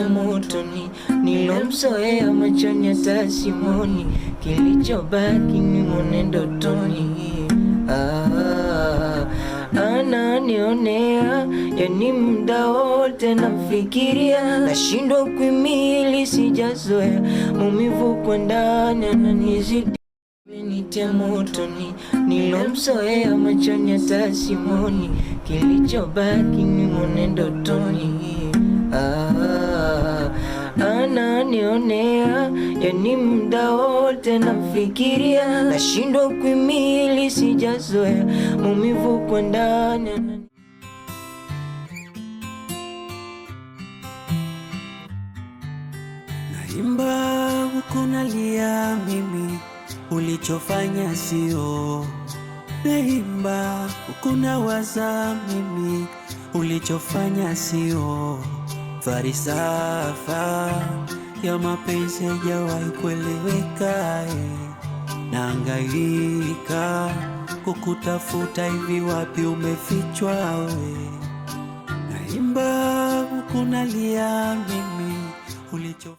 ya motoni, nilomsoea machoni hata simoni, kilichobaki ni mwenendo ana Ah, ananionea yani mda wote namfikiria, nashindwa kuimili, sijazoea mumivu kwa ndani ananizidi nitia motoni, nilomsoea machoni hata simoni, kilichobaki ni mwenendo Ah, unionea, yani mda wote namfikiria, nashindwa kuimili, sijazoea maumivu kwa ndani Imba huku nalia, mimi ulichofanya sio. Naimba huku nawaza, mimi ulichofanya sio. Farisafa ya mapenzi haijawahi kueleweka eh. Naangaika kukutafuta hivi, wapi umefichwa we? Eh. Naimba huku mimi ulicho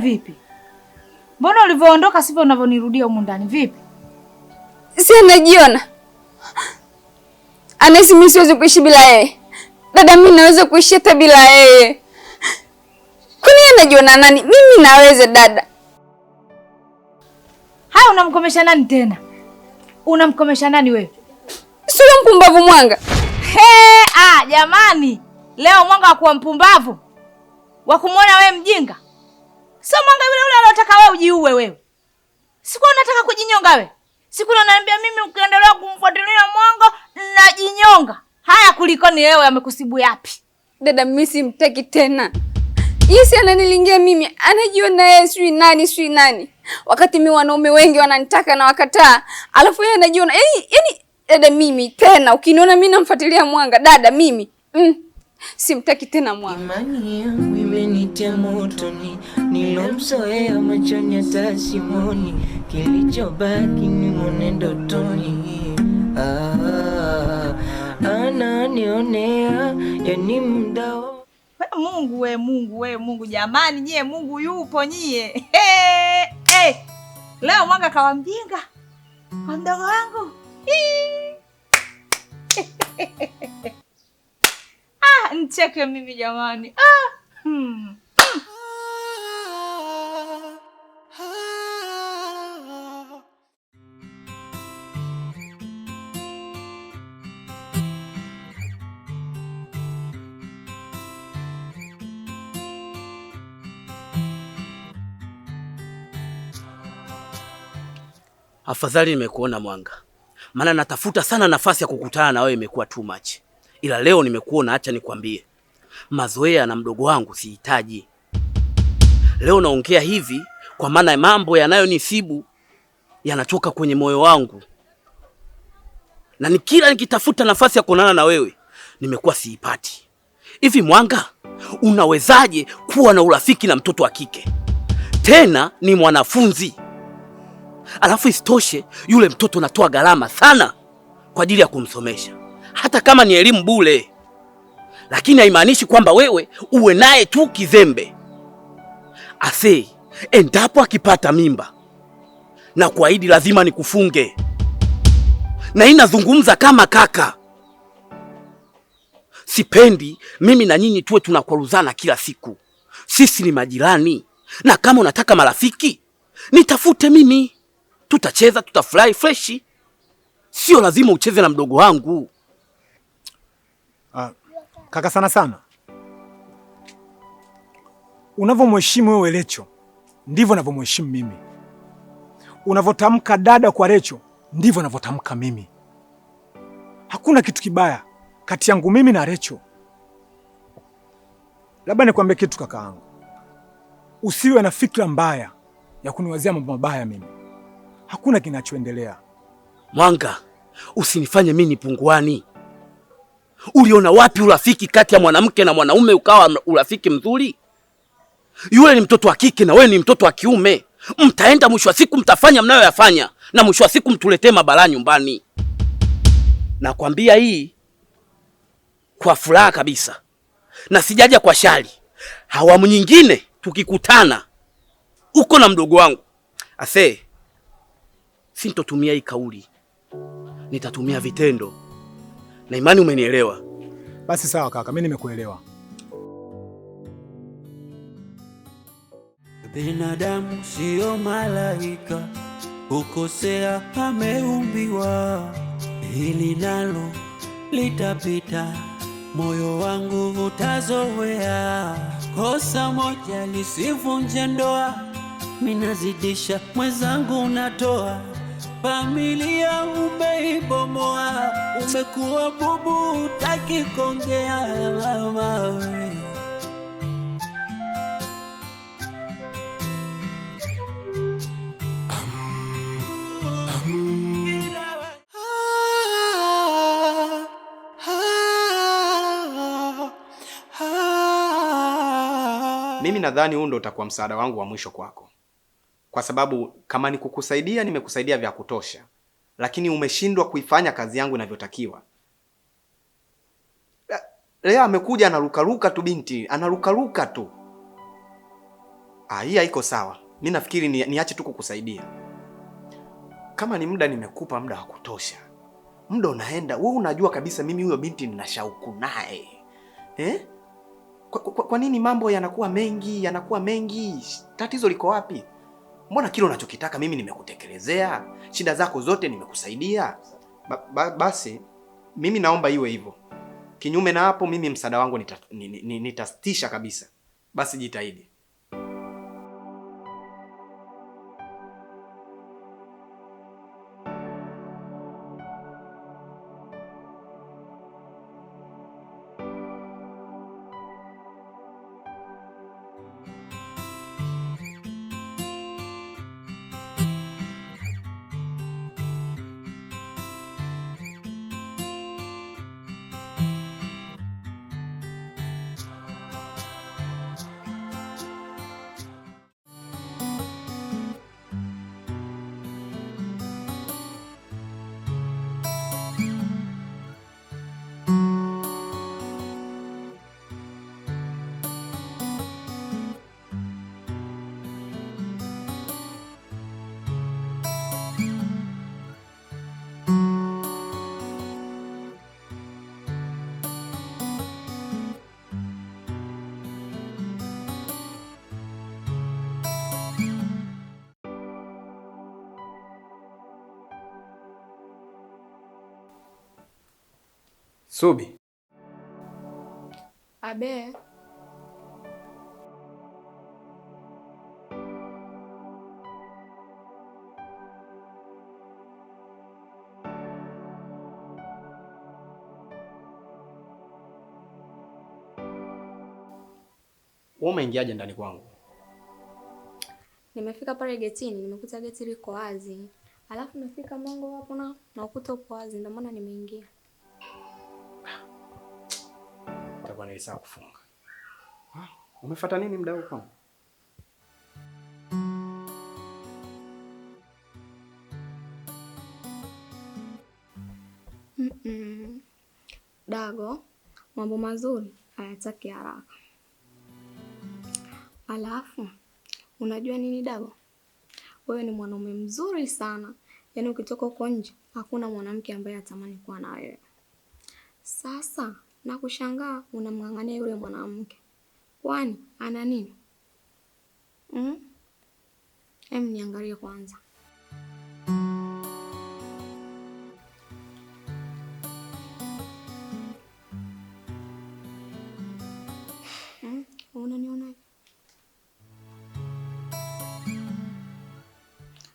vipi? Mbona ulivyoondoka sivyo unavyonirudia humu ndani? Vipi, si anajiona Anesi? Mimi siwezi kuishi bila yeye. Dada, mimi naweza kuishi hata bila yeye. Kwani anajiona nani? Mimi naweza dada. Haya, unamkomesha nani tena? Unamkomesha nani wewe? Sio mpumbavu Mwanga. Hey, ah, jamani leo Mwanga wakuwa mpumbavu wakumwona wewe mjinga Sio mwanga yule yule anataka wewe ujiue wewe. Sikuwa unataka kujinyonga wewe. Sikuwa unaniambia mimi ukiendelea kumfuatilia mwanga najinyonga. Haya kuliko ni wewe amekusibu yapi? Dada mimi simtaki tena. Yesi ananilingia mimi, anajiona yeye sui nani sui nani. Wakati mimi wanaume wengi wananitaka na wakataa. Alafu yeye anajiona, "Eh, yani yaani, dada mimi tena ukiniona mimi namfuatilia mwanga, dada mimi. Mm. Simtaki tena mwa. Imani yangu imenitia motoni, nilomzoea machoni hata simoni, kilichobaki ni mwenendo toni. Ah, ananionea yani mdao Mungu we Mungu we Mungu jamani, nyie Mungu yupo nyie. Hey, hey. Leo mwanga kawambinga kwa mdogo wangu. ncheke mimi jamani. Ah, hmm. Afadhali nimekuona Mwanga, maana natafuta sana nafasi ya kukutana na wewe, imekuwa too much ila leo nimekuona, acha nikwambie, mazoea na mdogo wangu sihitaji. Leo naongea hivi kwa maana mambo yanayonisibu yanatoka kwenye moyo wangu, na ni kila nikitafuta nafasi ya kuonana na wewe nimekuwa siipati. Hivi Mwanga, unawezaje kuwa na urafiki na mtoto wa kike tena ni mwanafunzi? Alafu isitoshe yule mtoto natoa gharama sana kwa ajili ya kumsomesha hata kama ni elimu bure, lakini haimaanishi kwamba wewe uwe naye tu kizembe. Asei, endapo akipata mimba na kuahidi lazima nikufunge, na hii nazungumza kama kaka. Sipendi mimi na nyinyi tuwe tunakwaruzana kila siku. Sisi ni majirani, na kama unataka marafiki nitafute mimi, tutacheza tutafurahi freshi, sio lazima ucheze na mdogo wangu. Kaka sana sana, unavyomheshimu wewe recho ndivyo navyomheshimu mimi. Unavyotamka dada kwa recho ndivyo navyotamka mimi. Hakuna kitu kibaya kati yangu mimi na recho Labda nikwambie kitu kakaangu, usiwe na fikra mbaya ya kuniwazia mambo mabaya mimi. Hakuna kinachoendelea. Mwanga, usinifanye mimi nipunguani. Uliona wapi urafiki kati ya mwanamke na mwanaume ukawa urafiki mzuri? Yule ni mtoto wa kike na wewe ni mtoto wa kiume. Mtaenda mwisho wa siku mtafanya mnayoyafanya, na mwisho wa siku mtuletee mabalaa nyumbani. Nakwambia hii kwa furaha kabisa, na sijaja kwa shari. awamu nyingine tukikutana uko na mdogo wangu asee, sintotumia hii kauli, nitatumia vitendo na imani umenielewa. Basi sawa kaka, mimi nimekuelewa. Binadamu siyo malaika, ukosea ameumbiwa. Hili nalo litapita, moyo wangu utazowea. Kosa moja lisivunje ndoa, minazidisha mwenzangu, unatoa Familia umeibomoa, umekuwa bubu, hutaki mama mamawe. Mimi nadhani huu ndo utakuwa msaada wangu wa mwisho kwako kwa sababu kama ni kukusaidia nimekusaidia vya kutosha, lakini umeshindwa kuifanya kazi yangu inavyotakiwa. Eh, leo amekuja anarukaruka tu, binti anarukaruka tu. Ah, hii haiko sawa. Mi nafikiri niache ni, tu kukusaidia. Kama ni muda nimekupa muda wa kutosha, muda unaenda. we unajua kabisa mimi huyo binti nina shauku naye eh? Kwa, kwa, kwa nini mambo yanakuwa mengi yanakuwa mengi? Tatizo liko wapi? mbona kile unachokitaka mimi nimekutekelezea, shida zako zote nimekusaidia. Ba, ba, basi mimi naomba iwe hivyo. Kinyume na hapo, mimi msaada wangu nitasitisha nita, nita kabisa. Basi jitahidi. Subi. Abe. Wewe umeingiaje ndani kwangu? Nimefika pale getini, nimekuta geti liko wazi. Alafu nafika mlango hapo na ukuta upo wazi, ndio maana nimeingia. saa kufunga. Wow, umefuata nini muda huu kwangu? Mm -mm. Dago, mambo mazuri hayataki haraka. Alafu unajua nini Dago, wewe ni mwanaume mzuri sana, yaani ukitoka huko nje hakuna mwanamke ambaye atamani kuwa na wewe. Sasa na kushangaa unamng'ang'ania yule mwanamke, kwani ana nini? Mm? Mm-hmm. Em, niangalie kwanza. Mm? Unanionaje?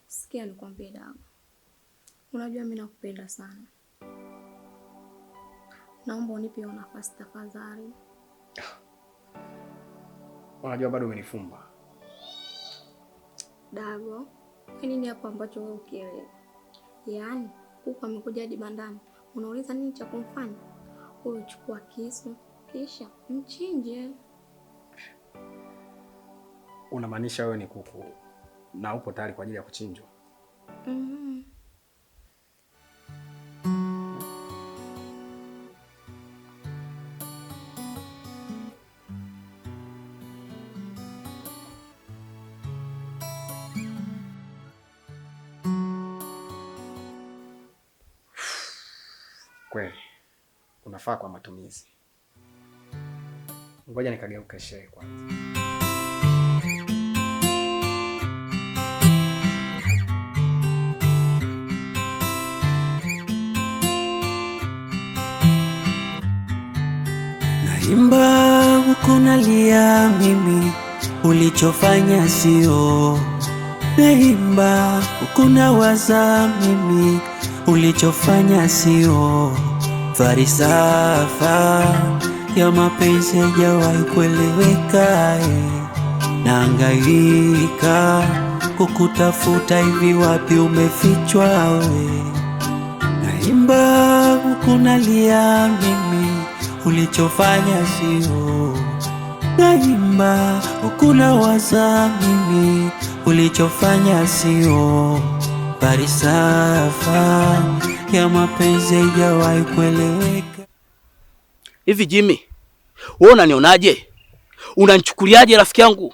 Sikia nikwambie, unajua mi nakupenda sana Naomba unipe nafasi tafadhali. Unajua bado umenifumba Dago. Nini hapo ambacho wewe ukielewa? Yaani kuku amekuja hadi bandani, unauliza nini cha kumfanya huyu? Chukua kisu kisha mchinje. Unamaanisha wewe ni kuku na upo tayari kwa ajili ya kuchinjwa? mm -hmm. yanayofaa kwa matumizi. Ngoja nikageuka shehe kwanza. Naimba huko nalia, mimi ulichofanya sio. Naimba ukuna waza mimi ulichofanya sio farisafa ya mapenzi haijawahi kueleweka, eh. naangaika kukutafuta hivi, wapi umefichwa we? Eh. Naimba huku nalia, mimi ulichofanya sio. Naimba huku nawaza, mimi ulichofanya sio. farisafa ya mapenzi haijawahi kueleweka. Hivi Jimmy, wewe unanionaje? Unanichukuliaje rafiki yangu?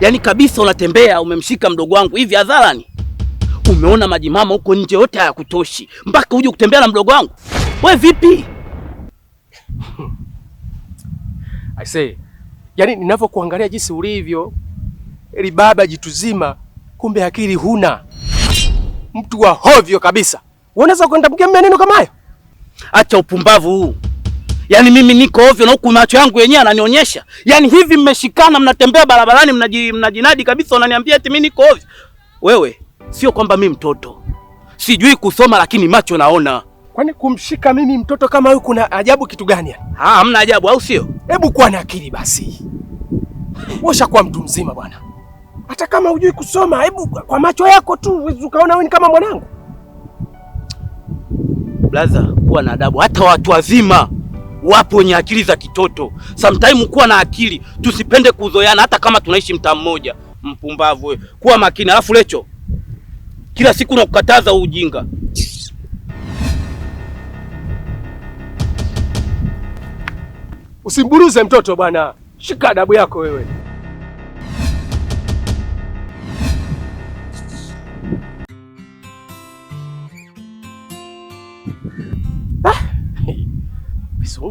Yaani kabisa unatembea umemshika mdogo wangu hivi hadharani. Umeona maji mama huko nje yote hayakutoshi mpaka uje kutembea na mdogo wangu. We vipi? Hmm. I say, yaani ninavyokuangalia jinsi ulivyo ili baba jituzima, kumbe akili huna, mtu wa hovyo kabisa. Unaweza kwenda kunitamkia neno kama hayo? Acha upumbavu huu. Yaani mimi niko ovyo na huku macho yangu yenyewe ananionyesha. Yaani hivi mmeshikana mnatembea barabarani mnaji, mnajinadi kabisa unaniambia eti mimi niko ovyo. Wewe sio kwamba mimi mtoto. Sijui kusoma lakini macho naona. Kwani kumshika mimi mtoto kama huyu kuna ajabu kitu gani Ah, hamna ajabu au sio? Hebu kuwa na akili basi. Wewe kwa mtu mzima bwana. Hata kama hujui kusoma, hebu kwa macho yako tu ukaona wewe ni kama mwanangu. Blaza, kuwa na adabu. Hata watu wazima wapo wenye akili za kitoto. Sometimes kuwa na akili, tusipende kuzoeana hata kama tunaishi mtaa mmoja. Mpumbavu wewe, kuwa makini. Alafu Lecho, kila siku nakukataza ujinga. Usimburuze mtoto bwana, shika adabu yako wewe.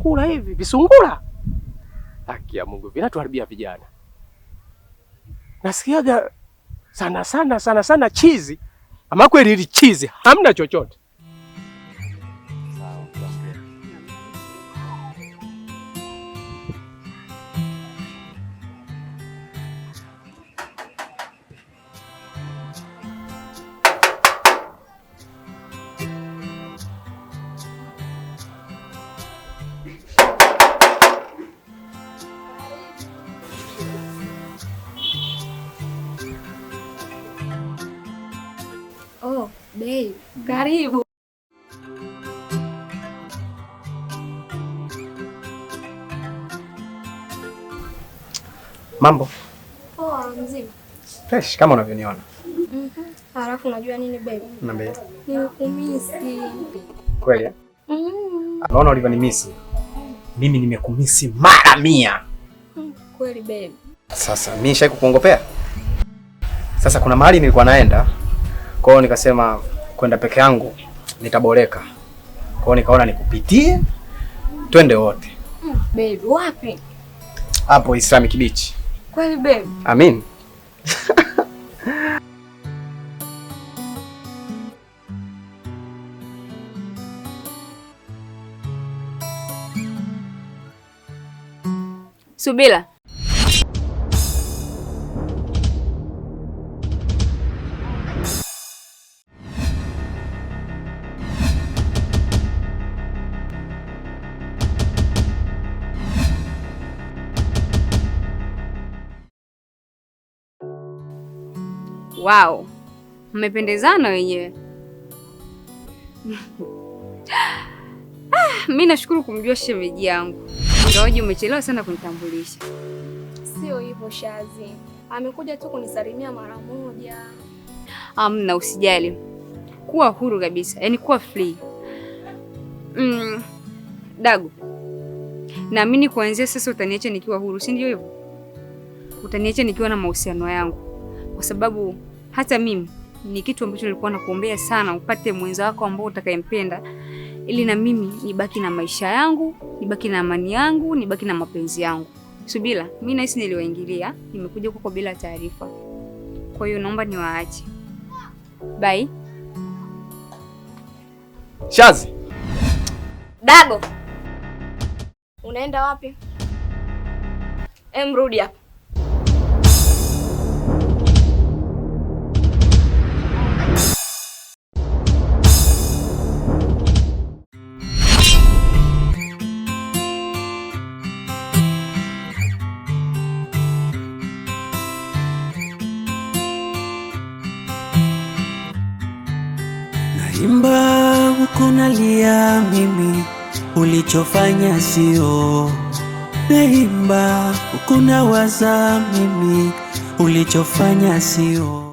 visungula hivi visungula, haki ya Mungu vinatuharibia vijana. Nasikiaga sana sana sana sana chizi, ama kweli ili chizi hamna chochote Karibu. Mambo poa? Mzima fresh kama unavyoniona. mm -hmm. Halafu unajua nini baby? Niambie. Nimekumisi kweli? mm. Mm-hmm. Naona ulivyonimisi mimi, nimekumisi mara mia. mm. Kweli baby. Sasa mimi shai kukuongopea. Sasa kuna mahali nilikuwa naenda kwao, nikasema kwenda peke yangu nitaboreka. Kwa hiyo nikaona nikupitie, twende wote. Mm, babe, wapi? Hapo Islamic Beach. Kweli babe? Amin. Subila, Wow, mmependezana wenyewe. Ah, mi nashukuru kumjua shemeji yangu. Ingawaje umechelewa sana kunitambulisha. Sio hivyo Shazi, amekuja tu kunisalimia mara moja. Amna, usijali, kuwa huru kabisa, yaani kuwa free. Mm, Dago, naamini kuanzia sasa utaniacha nikiwa huru, si ndio hivyo? Utaniacha nikiwa na mahusiano yangu kwa sababu hata mimi ni kitu ambacho nilikuwa nakuombea sana, upate mwenza wako ambao utakayempenda, ili na mimi nibaki na maisha yangu, nibaki na amani yangu, nibaki na mapenzi yangu. Subila, mimi nahisi niliwaingilia, nimekuja kwako bila taarifa, kwa hiyo naomba niwaache. Bye. Shazi. Dago. Unaenda wapi? Emrudi hapa. nilichofanya sio neimba, ukuna waza mimi ulichofanya sio